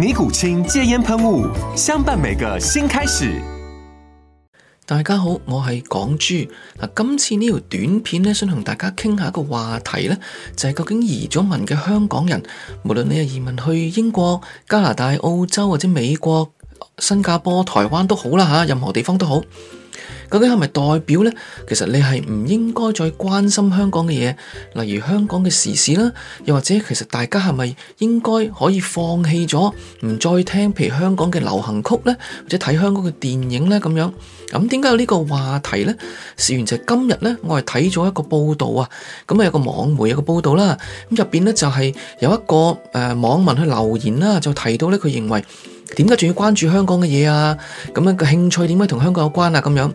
尼古清戒煙噴霧，相伴每個新開始。大家好，我係港珠。嗱，今次呢條短片咧，想同大家傾下一個話題咧，就係究竟移咗民嘅香港人，無論你係移民去英國、加拿大、澳洲或者美國、新加坡、台灣都好啦吓，任何地方都好。究竟係咪代表呢？其實你係唔應該再關心香港嘅嘢，例如香港嘅時事啦，又或者其實大家係咪應該可以放棄咗唔再聽，譬如香港嘅流行曲咧，或者睇香港嘅電影咧咁樣？咁點解有呢個話題咧？事源就係今日咧，我係睇咗一個報道啊，咁啊有個網媒有個報道啦，咁入邊咧就係有一個誒、呃、網民去留言啦，就提到咧佢認為點解仲要關注香港嘅嘢啊？咁樣嘅興趣點解同香港有關啊？咁樣。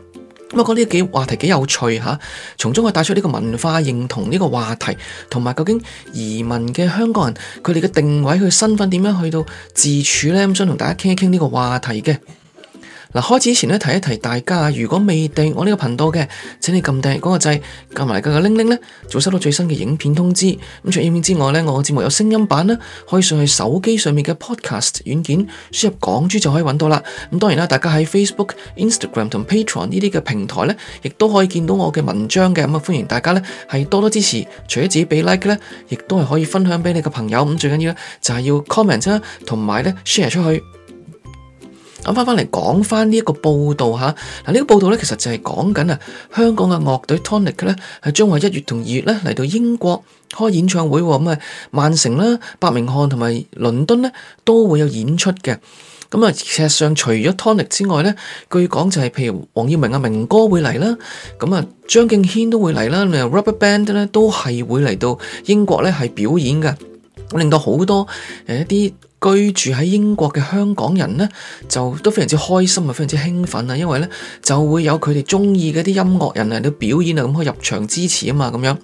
咁啊，講呢幾個話題幾有趣嚇，從中去帶出呢個文化認同呢個話題，同埋究竟移民嘅香港人佢哋嘅定位，佢身份點樣去到自處呢？咁想同大家傾一傾呢個話題嘅。嗱，開始前提一提大家如果未訂我呢個頻道嘅，請你撳訂嗰個掣，撳埋嗰個鈴鈴咧，就會收到最新嘅影片通知。咁除咗影片之外咧，我嘅節目有聲音版啦，可以上去手機上面嘅 Podcast 軟件輸入港珠就可以揾到啦。咁當然啦，大家喺 Facebook、Instagram 同 Patreon 呢啲嘅平台咧，亦都可以見到我嘅文章嘅。咁、嗯、啊，歡迎大家咧係多多支持，除咗自己俾 like 咧，亦都係可以分享俾你嘅朋友。咁最緊要咧就係、是、要 comment 啦，同埋咧 share 出去。咁翻翻嚟講翻呢一個報道嚇，嗱、這、呢個報道咧其實就係講緊啊香港嘅樂隊 ToNick 咧係將喺一月同二月咧嚟到英國開演唱會，咁啊曼城啦、伯明翰同埋倫敦咧都會有演出嘅。咁啊，事實上除咗 ToNick 之外咧，據講就係譬如黃耀明啊明哥會嚟啦，咁啊張敬軒都會嚟啦，你啊 Rubber Band 咧都係會嚟到英國咧係表演嘅，令到好多誒一啲居住喺英國嘅香港人呢，就都非常之開心，非常之興奮啊，因為呢，就會有佢哋鍾意嘅啲音樂人啊，啲表演啊，咁可以入場支持啊嘛，咁樣。咁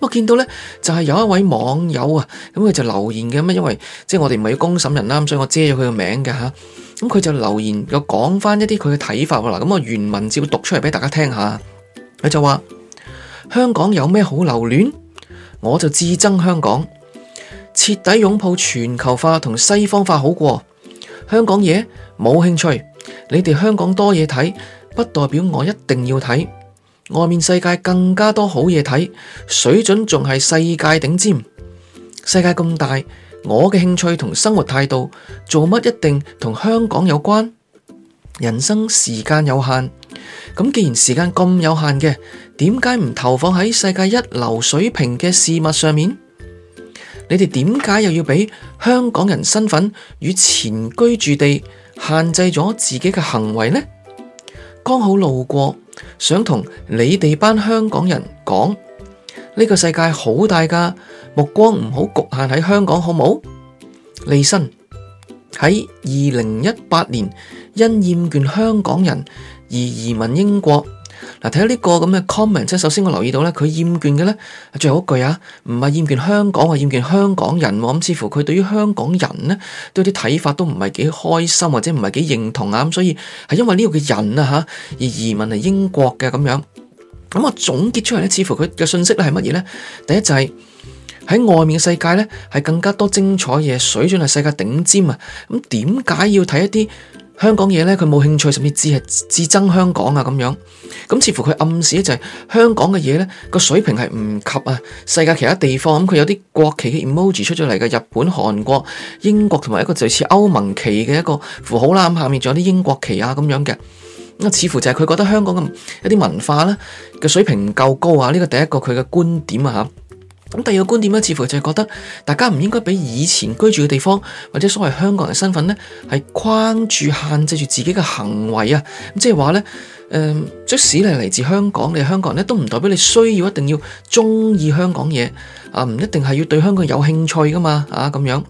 我見到呢，就係、是、有一位網友啊，咁、嗯、佢就留言嘅，咁因為即係我哋唔係要公審人啦，所以我遮咗佢嘅名㗎吓。咁、嗯、佢就留言又講返一啲佢嘅睇法喎，嗱、嗯、咁我原文照讀出嚟俾大家聽下。佢就話：香港有咩好留戀？我就至憎香港。徹底擁抱全球化同西方化好過，香港嘢冇興趣。你哋香港多嘢睇，不代表我一定要睇。外面世界更加多好嘢睇，水準仲係世界頂尖。世界咁大，我嘅興趣同生活態度做乜一定同香港有關？人生時間有限，咁既然時間咁有限嘅，點解唔投放喺世界一流水平嘅事物上面？你哋點解又要俾香港人身份與前居住地限制咗自己嘅行為呢？剛好路過，想同你哋班香港人講，呢、這個世界好大㗎，目光唔好局限喺香港，好冇？利申，喺二零一八年因厭倦香港人而移民英國。嗱，睇到呢個咁嘅 comment，即係首先我留意到咧，佢厭倦嘅咧，最後嗰句啊，唔係厭倦香港，係厭倦香港人，咁似乎佢對於香港人咧，對啲睇法都唔係幾開心，或者唔係幾認同啊，咁所以係因為呢個嘅人啊吓，而移民嚟英國嘅，咁樣，咁我總結出嚟咧，似乎佢嘅信息咧係乜嘢咧？第一就係、是、喺外面嘅世界咧，係更加多精彩嘢，水準係世界頂尖啊，咁點解要睇一啲？香港嘢咧，佢冇興趣，甚至至係至憎香港啊咁樣。咁似乎佢暗示就係、咧、香港嘅嘢咧，個水平係唔及啊世界其他地方。咁、嗯、佢有啲國旗嘅 emoji 出咗嚟嘅，日本、韓國、英國同埋一個類似歐盟旗嘅一個符號啦。咁、嗯、下面仲有啲英國旗啊咁樣嘅。咁啊，似乎就係佢覺得香港嘅一啲文化咧嘅水平唔夠高啊。呢個第一個佢嘅觀點啊嚇。第二個觀點咧，似乎就係覺得大家唔應該俾以前居住嘅地方或者所謂香港人嘅身份咧，係框住限制住自己嘅行為啊。即係話咧，誒、呃，即使你嚟自香港，你香港人咧，都唔代表你需要一定要中意香港嘢啊，唔一定係要對香港有興趣噶嘛啊咁樣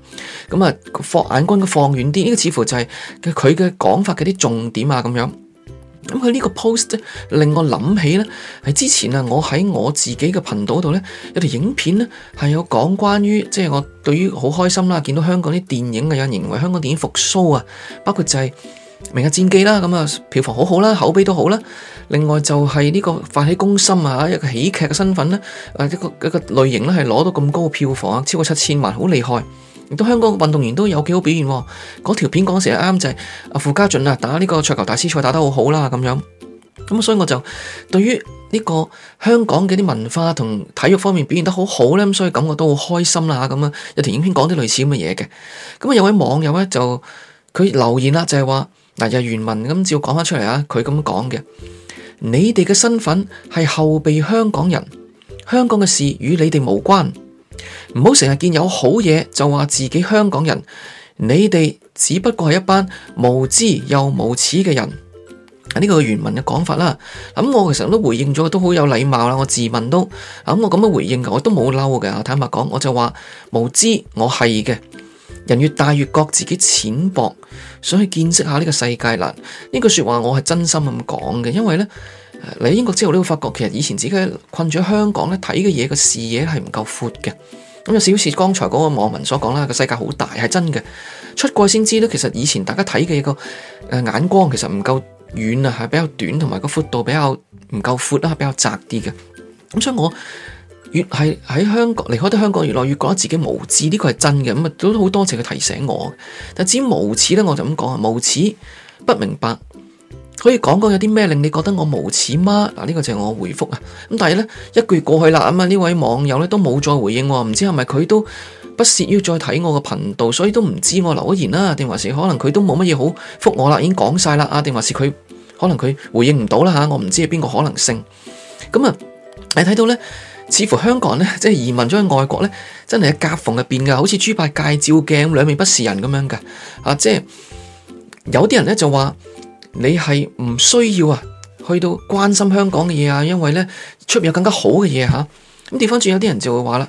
咁啊，嗯、眼放眼光嘅放遠啲，呢、呢個似乎就係佢嘅講法嘅啲重點啊咁樣。咁佢呢個 post 咧，令我諗起咧，係之前啊，我喺我自己嘅頻道度咧有條影片咧，係有講關於即係我對於好開心啦，見到香港啲電影有人認為香港電影復甦啊，包括就係《明日戰記》啦，咁啊票房好好啦，口碑都好啦。另外就係呢個《飯戲攻心》啊，一個喜劇嘅身份咧，誒一個一個類型咧，係攞到咁高嘅票房啊，超過七千萬，好厲害。.亦都香港嘅運動員都有幾好表現，哦，嗰條片講時啱就係、是、阿、啊、傅家俊啊，打呢個桌球大師賽打得好好啦咁樣，咁所以我就對於呢個香港嘅啲文化同體育方面表現得好好咧，咁所以感覺都好開心啦咁啊，有條影片講啲類似咁嘅嘢嘅，咁啊有位網友咧就佢留言啦，就係話嗱，就、呃、原文咁照講翻出嚟啊，佢咁講嘅，你哋嘅身份係後備香港人，香港嘅事與你哋無關。唔好成日見有好嘢，就話自己香港人，你哋只不過係一班無知又無恥嘅人。呢個原文嘅講法啦。咁、嗯、我其實都回應咗，都好有禮貌啦。我自問都咁、嗯、我咁樣回應，我都冇嬲嘅。坦白講，我就話無知我，我係嘅人越大越覺自己淺薄，想去見識下呢個世界啦。呢句說話我係真心咁講嘅，因為呢。嚟英國之後，你會發覺其實以前自己困住喺香港睇嘅嘢個視野係唔夠闊嘅。咁就好似，剛才嗰個網民所講啦，個世界好大係真嘅。出過先知咧，其實以前大家睇嘅個誒眼光其實唔夠遠啊，係比較短，同埋個闊度比較唔夠闊啦，比較窄啲嘅。咁所以，我越係喺香港離開得香港，香港越來越覺得自己無知，呢、這個係真嘅。咁啊，都好多謝佢提醒我。但至於無恥咧，我就咁講啊，無恥不明白。可以講講有啲咩令你覺得我無恥嗎？嗱，呢個就係我回覆啊。咁但係咧，一句過去啦咁啊，呢位網友咧都冇再回應喎。唔知係咪佢都不屑於再睇我個頻道，所以都唔知我留言啦，定還是可能佢都冇乜嘢好覆我啦，已經講晒啦啊，定還是佢可能佢回應唔到啦嚇，我唔知係邊個可能性。咁啊，你睇到咧，似乎香港咧即係移民咗去外國咧，真係喺夾縫入邊噶，好似豬八戒照鏡兩面不是人咁樣嘅啊，即係有啲人咧就話。你係唔需要啊，去到關心香港嘅嘢啊，因為咧出面有更加好嘅嘢嚇。咁、啊、掉轉有啲人就會話啦，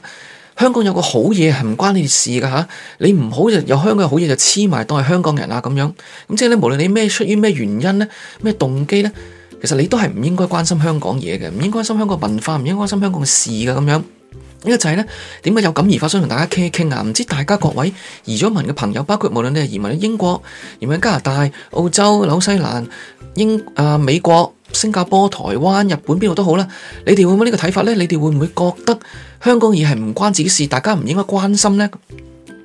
香港有個好嘢係唔關你事噶嚇、啊，你唔好有香港嘅好嘢就黐埋當係香港人啊咁樣。咁即係咧，無論你咩出於咩原因咧，咩動機咧，其實你都係唔應該關心香港嘢嘅，唔應該關心香港文化，唔應該關心香港嘅事噶咁樣。呢個就係呢點解有感而發想同大家傾一傾啊？唔知大家各位移咗民嘅朋友，包括無論你係移民喺英國、移民加拿大、澳洲、紐西蘭、英啊、呃、美國、新加坡、台灣、日本邊度都好啦，你哋會唔會呢個睇法呢？你哋會唔會覺得香港而係唔關自己事，大家唔應該關心呢？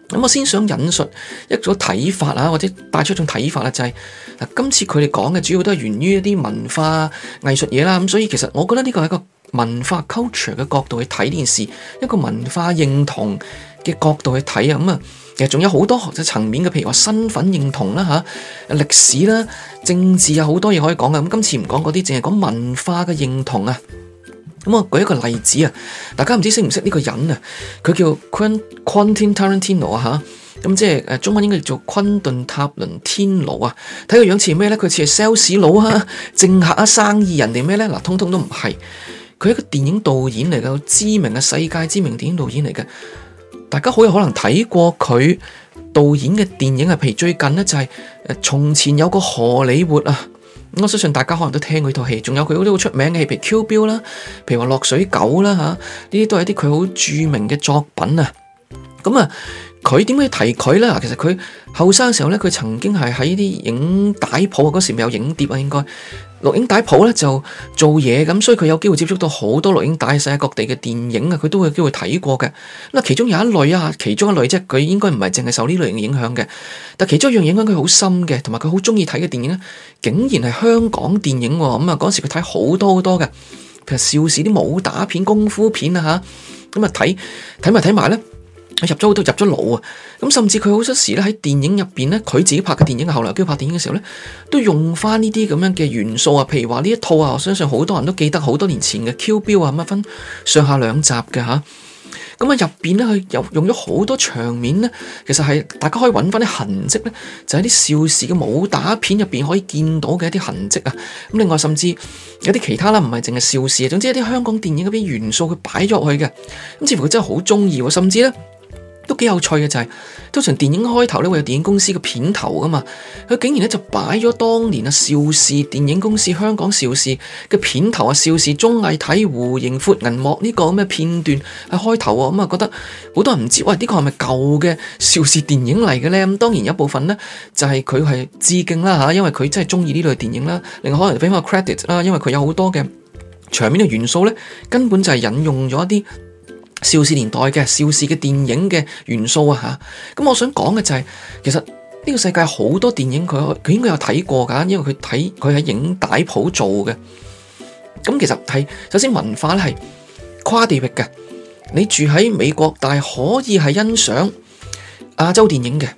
咁我先想引述一種睇法啊，或者帶出一種睇法啦，就係、是、嗱，今次佢哋講嘅主要都係源於一啲文化藝術嘢啦，咁所以其實我覺得呢個係一個。文化 culture 嘅角度去睇呢件事，一個文化認同嘅角度去睇啊，咁、嗯、啊，其實仲有好多學者層面嘅，譬如話身份認同啦、吓，歷史啦、政治啊好多嘢可以講嘅，咁、嗯、今次唔講嗰啲，淨係講文化嘅認同啊。咁、嗯、啊，舉一個例子啊，大家唔知識唔識呢個人 ino，啊？佢叫 Quentin Tarantino 啊吓，咁即係誒中文應該叫做昆頓塔倫天奴啊。睇個樣似咩咧？佢似係 sales 佬啊、ha，政客啊、生意人哋咩咧？嗱，通通都唔係。佢係一個電影導演嚟嘅，知名嘅世界知名電影導演嚟嘅，大家好有可能睇過佢導演嘅電影啊。譬如最近咧就係誒，從前有個荷里活啊。我相信大家可能都聽過佢套戲，仲有佢好多好出名嘅戲，譬如《Q 標》啦，譬如話《落水狗》啦、啊、吓，呢啲都係一啲佢好著名嘅作品啊。咁啊，佢點解提佢啦？其實佢後生嘅時候咧，佢曾經係喺啲影帶舖啊，嗰時咪有影碟啊，應該。錄影帶鋪咧就做嘢咁，所以佢有機會接觸到好多錄影帶，世界各地嘅電影啊，佢都有機會睇過嘅。咁啊，其中有一類啊，其中一類啫，佢應該唔係淨係受呢類型嘅影響嘅。但其中一樣影響佢好深嘅，同埋佢好中意睇嘅電影咧，竟然係香港電影喎。咁啊，嗰時佢睇好多好多嘅，譬如邵氏啲武打片、功夫片啊，吓咁，啊睇睇埋睇埋咧。看入咗好多入咗腦啊！咁甚至佢好多時咧喺電影入邊咧，佢自己拍嘅電影，後來跟住拍電影嘅時候咧，都用翻呢啲咁樣嘅元素啊，譬如話呢一套啊，我相信好多人都記得好多年前嘅《Kill Bill》啊，乜分上下兩集嘅吓。咁啊入邊咧，佢有用咗好多場面咧，其實係大家可以揾翻啲痕跡咧，就喺啲邵氏嘅武打片入邊可以見到嘅一啲痕跡啊。咁另外甚至有啲其他啦，唔係淨係邵氏啊，總之一啲香港電影嗰啲元素佢擺咗落去嘅。咁似乎佢真係好中意，甚至咧。都幾有趣嘅，就係通常電影開頭咧會有電影公司嘅片頭噶嘛。佢竟然咧就擺咗當年啊邵氏電影公司，香港邵氏嘅片頭啊，邵氏綜藝體弧形闊銀幕呢、這個咁嘅、這個、片段喺、啊、開頭啊，咁啊覺得好多人唔知喂呢、哎這個係咪舊嘅邵氏電影嚟嘅咧？咁當然有一部分咧就係佢係致敬啦吓，因為佢真係中意呢類電影啦，另外可能俾翻個 credit 啦，因為佢有好多嘅場面嘅元素咧，根本就係引用咗一啲。邵氏年代嘅邵氏嘅電影嘅元素啊吓，咁我想講嘅就係、是，其實呢個世界好多電影佢佢應該有睇過噶，因為佢睇佢喺影帶鋪做嘅。咁、嗯、其實係首先文化咧係跨地域嘅，你住喺美國但係可以係欣賞亞洲電影嘅，咁、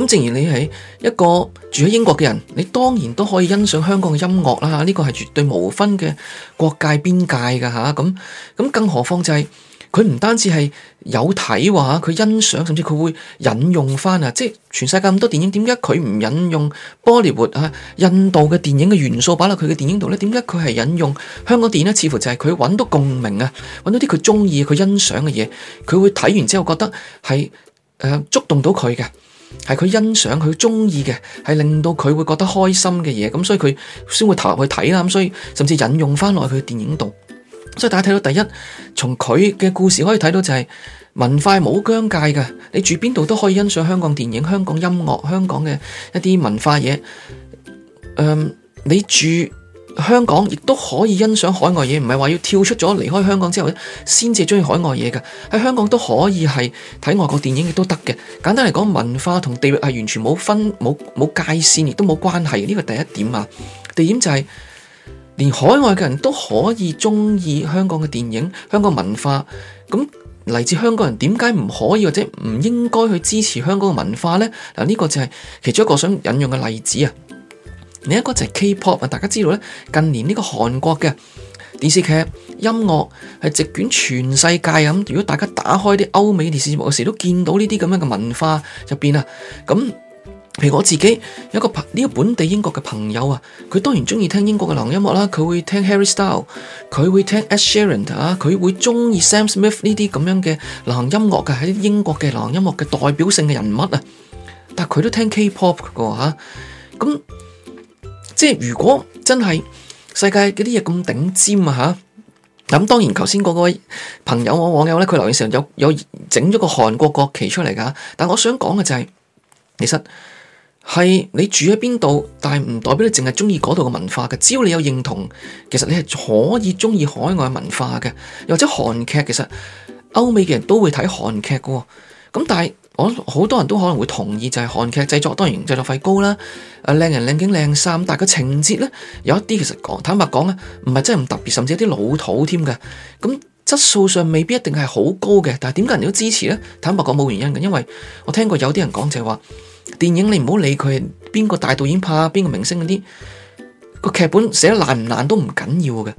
嗯、正如你係一個住喺英國嘅人，你當然都可以欣賞香港嘅音樂啦，呢、這個係絕對無分嘅國界邊界噶吓，咁、啊、咁更何況就係、是。佢唔單止係有睇話，佢欣賞，甚至佢會引用翻啊！即係全世界咁多電影，點解佢唔引用波利活啊？印度嘅電影嘅元素擺落佢嘅電影度咧，點解佢係引用香港電影咧？似乎就係佢揾到共鳴啊，揾到啲佢中意、佢欣賞嘅嘢，佢會睇完之後覺得係誒觸動到佢嘅，係佢欣賞、佢中意嘅，係令到佢會覺得開心嘅嘢。咁所以佢先會投入去睇啦。咁所以甚至引用翻落去佢嘅電影度。所以大家睇到第一，從佢嘅故事可以睇到就係、是、文化冇疆界嘅，你住邊度都可以欣賞香港電影、香港音樂、香港嘅一啲文化嘢。嗯，你住香港亦都可以欣賞海外嘢，唔係話要跳出咗離開香港之後咧，先至中意海外嘢嘅。喺香港都可以係睇外國電影亦都得嘅。簡單嚟講，文化同地域係完全冇分冇冇界線，亦都冇關係。呢個第一點啊，第二點就係、是。連海外嘅人都可以中意香港嘅電影、香港文化，咁嚟自香港人點解唔可以或者唔應該去支持香港嘅文化呢？嗱，呢個就係其中一個想引用嘅例子啊。另一個就係 K-pop 啊，大家知道咧，近年呢個韓國嘅電視劇、音樂係席捲全世界啊。咁如果大家打開啲歐美電視節目嘅時，都見到呢啲咁樣嘅文化入邊啊，咁。譬如我自己有個朋呢個本地英國嘅朋友啊，佢當然中意聽英國嘅流行音樂啦，佢會聽 Harry Styles 佢會聽 Ed Sheeran 啊，佢會中意 Sam Smith 呢啲咁樣嘅流行音樂嘅喺英國嘅流行音樂嘅代表性嘅人物啊，但佢都聽 K-pop 噶喎嚇，咁即係如果真係世界嗰啲嘢咁頂尖啊吓，咁當然頭先嗰位朋友我網友咧佢留言時候有有整咗個韓國國旗出嚟噶，但我想講嘅就係，其實。係你住喺邊度，但係唔代表你淨係中意嗰度嘅文化嘅。只要你有認同，其實你係可以中意海外文化嘅。又或者韓劇，其實歐美嘅人都會睇韓劇嘅。咁但係我好多人都可能會同意，就係韓劇製作，當然製作費高啦，啊靚人靚景靚衫，但係個情節呢，有一啲，其實講坦白講啊，唔係真係唔特別，甚至有啲老土添嘅。咁質素上未必一定係好高嘅。但係點解人哋都支持呢？坦白講冇原因嘅，因為我聽過有啲人講就係話。電影你唔好理佢邊個大導演拍，邊個明星嗰啲，個劇本寫爛唔爛都唔緊要嘅，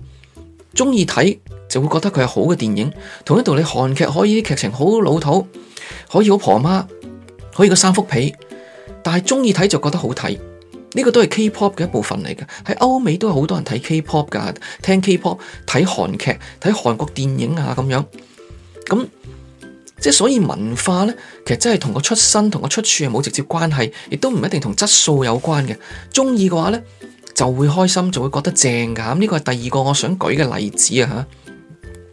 中意睇就會覺得佢係好嘅電影。同一道理，韓劇可以啲劇情好老土，可以好婆媽，可以個三幅被，但係中意睇就覺得好睇。呢個都係 K-pop 嘅一部分嚟嘅，喺歐美都係好多人睇 K-pop 噶聽 K-pop，睇韓劇，睇韓國電影啊咁樣咁。即所以文化呢，其實真係同個出身同個出處係冇直接關係，亦都唔一定同質素有關嘅。中意嘅話呢，就會開心，就會覺得正㗎。呢個係第二個我想舉嘅例子啊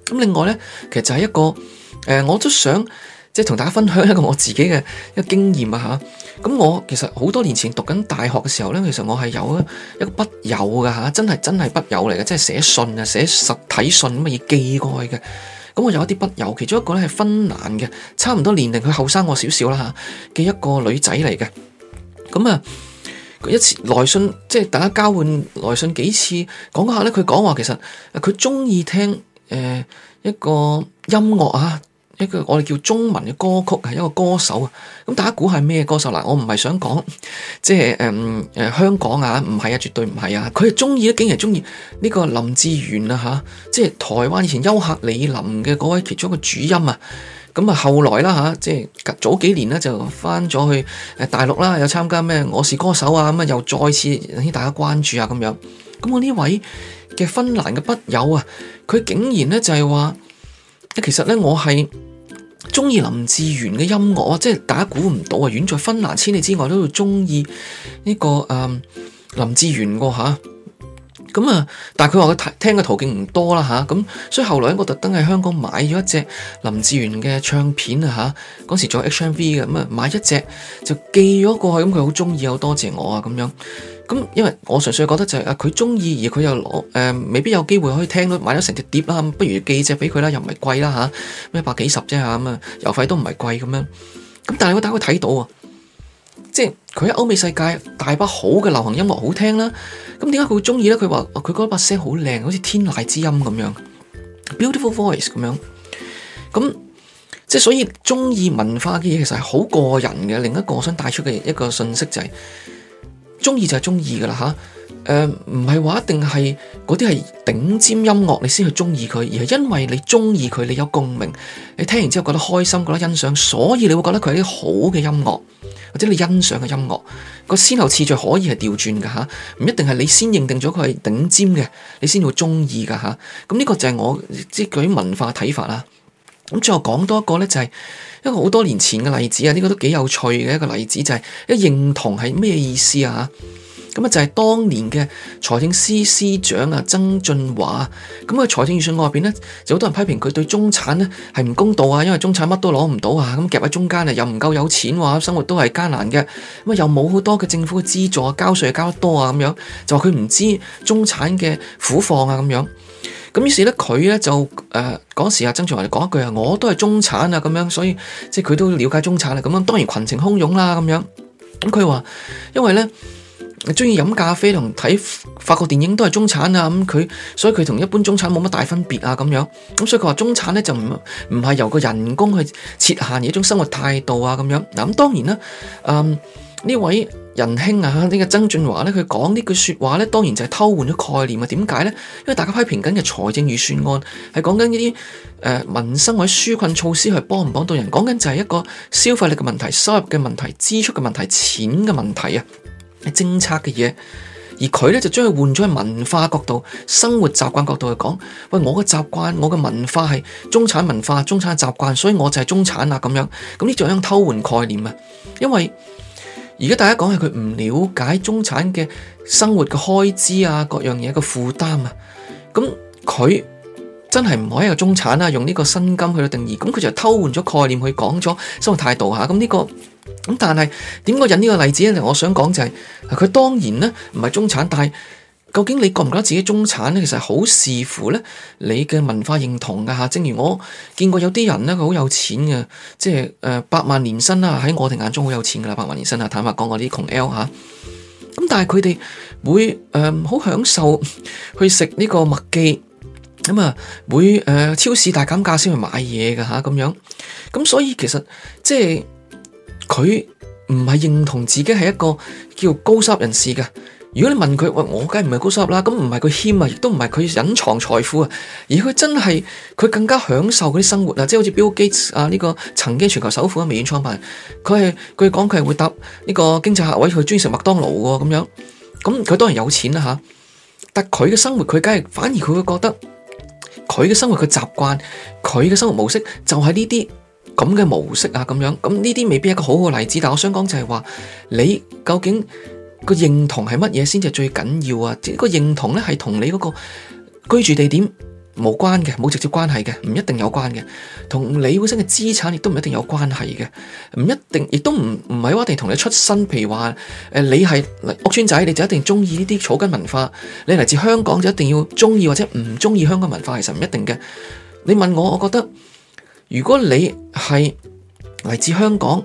嚇。咁、嗯、另外呢，其實就係一個誒、呃，我都想即係同大家分享一個我自己嘅一個經驗啊嚇。咁、嗯嗯、我其實好多年前讀緊大學嘅時候呢，其實我係有一個筆友㗎嚇，真係真係筆友嚟嘅，即係寫信啊，寫實體信咁樣寄過去嘅。咁我有一啲筆友，其中一個咧係芬蘭嘅，差唔多年齡，佢後生我少少啦嚇嘅一個女仔嚟嘅。咁啊，佢一次來信，即係大家交換來信幾次，講下咧，佢講話其實佢中意聽誒一個音樂啊。一個我哋叫中文嘅歌曲，係一個歌手啊！咁大家估係咩歌手嗱？我唔係想講即係誒誒香港啊，唔係啊，絕對唔係啊！佢係中意咧，竟然係中意呢個林志炫啊吓，即係台灣以前優客李林嘅嗰位其中一個主音啊！咁啊，後來啦吓，即係早幾年咧就翻咗去誒大陸啦，有參加咩《我是歌手》啊咁啊，又再次引起大家關注啊咁樣。咁我呢位嘅芬蘭嘅筆友啊，佢竟然咧就係話：其實咧我係中意林志炫嘅音樂啊，即係大家估唔到啊，遠在芬蘭千里之外都要中意呢個誒、呃、林志炫個吓，咁啊，但係佢話佢聽嘅途徑唔多啦吓，咁、啊、所以後來我特登喺香港買咗一隻林志炫嘅唱片啊吓，嗰時做 H M V 嘅，咁啊買一隻就寄咗過去，咁佢好中意，好多謝我啊咁樣。咁，因為我純粹覺得就係啊，佢中意而佢又攞誒，未必有機會可以聽到買咗成隻碟啦，不如寄隻俾佢啦，又唔係貴啦嚇，一、啊、百幾十啫嚇，咁啊郵費都唔係貴咁樣。咁但係我打開睇到啊，到即係佢喺歐美世界大把好嘅流行音樂好聽啦。咁點解佢會中意咧？佢話佢嗰把聲好靚，好似天籟之音咁樣，beautiful voice 咁、啊、樣。咁即係所以中意文化嘅嘢其實係好個人嘅。另一個我想帶出嘅一個信息就係、是。中意就係中意噶啦吓，誒唔係話一定係嗰啲係頂尖音樂你先去中意佢，而係因為你中意佢，你有共鳴，你聽完之後覺得開心，覺得欣賞，所以你會覺得佢係啲好嘅音樂，或者你欣賞嘅音樂，個先後次序可以係調轉噶吓，唔、啊、一定係你先認定咗佢係頂尖嘅，你先會中意噶吓。咁、啊、呢個就係我即係嗰文化睇法啦。咁最後講多一個咧就係、是。一個好多年前嘅例子啊，呢個都幾有趣嘅一個例子就係、是、一認同係咩意思啊？咁啊就係當年嘅財政司司長啊曾俊華，咁啊財政預算案入邊咧就好多人批評佢對中產咧係唔公道啊，因為中產乜都攞唔到啊，咁夾喺中間啊又唔夠有錢喎，生活都係艱難嘅，咁啊又冇好多嘅政府嘅資助，交稅交得多啊咁樣，就話佢唔知中產嘅苦況啊咁樣。咁於是咧，佢咧就誒嗰時啊，曾俊華就講一句啊，我都係中產啊，咁樣，所以即係佢都了解中產啊，咁樣，當然群情洶湧啦，咁樣。咁佢話，因為咧，中意飲咖啡同睇法國電影都係中產啊，咁佢所以佢同一般中產冇乜大分別啊，咁樣。咁所以佢話中產咧就唔唔係由個人工去設限，而一種生活態度啊，咁樣。嗱咁當然啦，嗯、呃、呢位。仁兄啊，呢個曾俊華呢，佢講呢句説話呢，當然就係偷換咗概念啊！點解呢？因為大家批評緊嘅財政預算案係講緊呢啲誒民生或者紓困措施係幫唔幫到人，講緊就係一個消費力嘅問題、收入嘅問題、支出嘅問題、錢嘅問題啊，係政策嘅嘢。而佢呢，就將佢換咗喺文化角度、生活習慣角度去講。喂，我嘅習慣、我嘅文化係中產文化、中產嘅習慣，所以我就係中產啊咁樣。咁呢種就係偷換概念啊，因為。而家大家講係佢唔了解中產嘅生活嘅開支啊，各樣嘢嘅負擔啊，咁佢真係唔可以係中產啊，用呢個薪金去到定義，咁佢就偷換咗概念去講咗生活態度嚇、啊，咁呢、呢個咁，但係點解引呢個例子咧？我想講就係、係、佢當然咧唔係中產，但係。究竟你覺唔覺得自己中產咧？其實好視乎咧你嘅文化認同噶吓。正如我見過有啲人咧，佢好有錢嘅，即係誒百萬年薪啦，喺我哋眼中好有錢噶啦，百萬年薪啊。坦白講，我啲窮 L 吓，咁但係佢哋會誒好享受去食呢個麥記咁啊，會誒超市大減價先去買嘢噶吓咁樣。咁所以其實即係佢唔係認同自己係一個叫高收入人士嘅。如果你問佢，我我梗係唔係高收入啦？咁唔係佢謙啊，亦都唔係佢隱藏財富啊，而佢真係佢更加享受嗰啲生活啊！即係好似 Bill Gates 啊，呢個曾經全球首富啊，微軟創辦人佢係佢講佢係會搭呢個經濟客位去鍾意食麥當勞嘅喎，咁樣咁佢當然有錢啦吓，但佢嘅生活佢梗係反而佢會覺得佢嘅生活佢習慣佢嘅生活模式就係呢啲咁嘅模式啊，咁樣，咁呢啲未必係一個好好嘅例子，但我想講就係話你究竟個認同係乜嘢先至最緊要啊？即係個認同咧，係同你嗰個居住地點無關嘅，冇直接關係嘅，唔一定有關嘅，同你本身嘅資產亦都唔一定有關係嘅，唔一定，亦都唔唔係話一定同你出身，譬如話誒，你係屋村仔，你就一定中意呢啲草根文化；你嚟自香港就一定要中意或者唔中意香港文化，其實唔一定嘅。你問我，我覺得如果你係嚟自香港。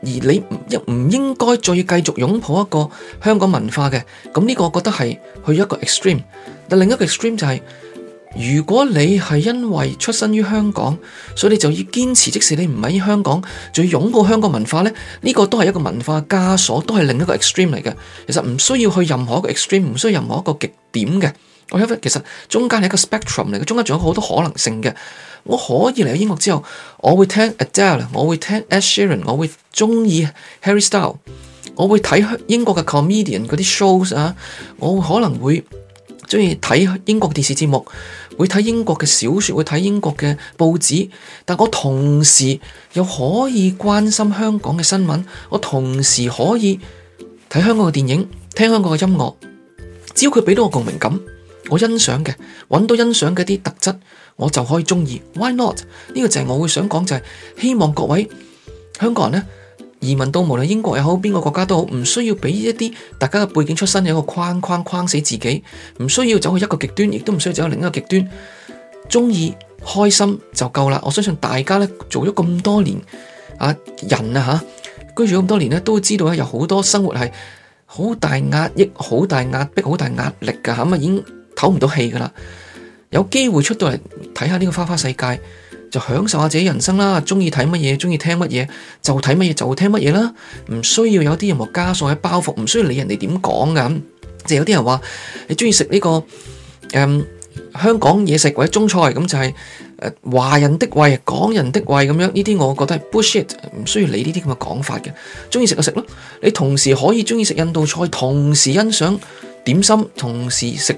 而你唔應該再要繼續擁抱一個香港文化嘅，咁呢個我覺得係去一個 extreme。但另一個 extreme 就係，如果你係因為出身於香港，所以你就要堅持，即使你唔喺香港，仲要擁抱香港文化咧，呢個都係一個文化枷鎖，都係另一個 extreme 嚟嘅。其實唔需要去任何一個 extreme，唔需要任何一個極點嘅。我有份，其實中間係一個 spectrum 嚟嘅，中間仲有好多可能性嘅。我可以嚟到英國之後，我會聽 Adele，我會聽 Ed Sheeran，我會中意 Harry Styles，我會睇英國嘅 comedian 嗰啲 shows 啊，我會可能會中意睇英國嘅電視節目，會睇英國嘅小説，會睇英國嘅報紙。但我同時又可以關心香港嘅新聞，我同時可以睇香港嘅電影，聽香港嘅音樂，只要佢俾到我共鳴感。我欣賞嘅，揾到欣賞嘅啲特質，我就可以中意。Why not？呢個就係我會想講就係、是、希望各位香港人呢，移民到無論英國又好邊個國家都好，唔需要俾一啲大家嘅背景出身有一個框框框死自己，唔需要走去一個極端，亦都唔需要走去另一個極端，中意開心就夠啦。我相信大家呢，做咗咁多年啊人啊嚇，居住咁多年呢，都知道、啊、有好多生活係好大壓抑、好大壓迫、好大壓力㗎嚇嘛，已經。唞唔到氣噶啦，有機會出到嚟睇下呢個花花世界，就享受下自己人生啦。中意睇乜嘢，中意聽乜嘢就睇乜嘢，就聽乜嘢啦。唔需要有啲任何枷鎖喺包袱，唔需要理人哋點講噶。即係有啲人話你中意食呢個誒、嗯、香港嘢食或者中菜咁就係誒華人的胃，港人的胃咁樣呢啲，我覺得係 bullshit，唔需要理呢啲咁嘅講法嘅。中意食就食咯，你同時可以中意食印度菜，同時欣賞點心，同時食。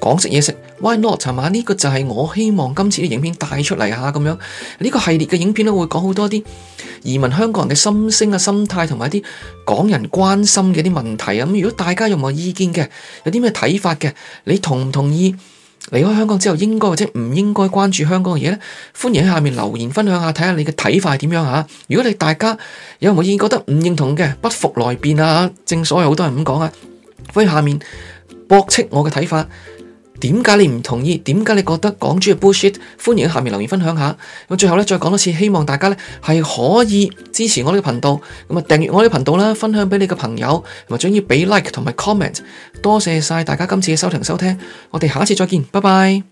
講食嘢食，why not？係嘛？呢個就係我希望今次啲影片帶出嚟下咁樣。呢、呢個系列嘅影片咧會講好多啲移民香港人嘅心聲啊、心態同埋一啲港人關心嘅啲問題啊。咁、嗯、如果大家有冇意見嘅，有啲咩睇法嘅，你同唔同意離開香港之後應該或者唔應該關注香港嘅嘢咧？歡迎喺下面留言分享下，睇下你嘅睇法係點樣嚇。如果你大家有冇意見覺得唔認同嘅，不服來辯啊！正所謂好多人咁講啊，歡迎下面駁斥我嘅睇法。點解你唔同意？點解你覺得港豬嘅 bullshit？歡迎喺下面留言分享下。咁最後咧，再講多次，希望大家咧係可以支持我呢個頻道，咁啊訂閱我呢個頻道啦，分享俾你嘅朋友，同埋仲要俾 like 同埋 comment。多謝晒大家今次嘅收聽收聽，我哋下一次再見，拜拜。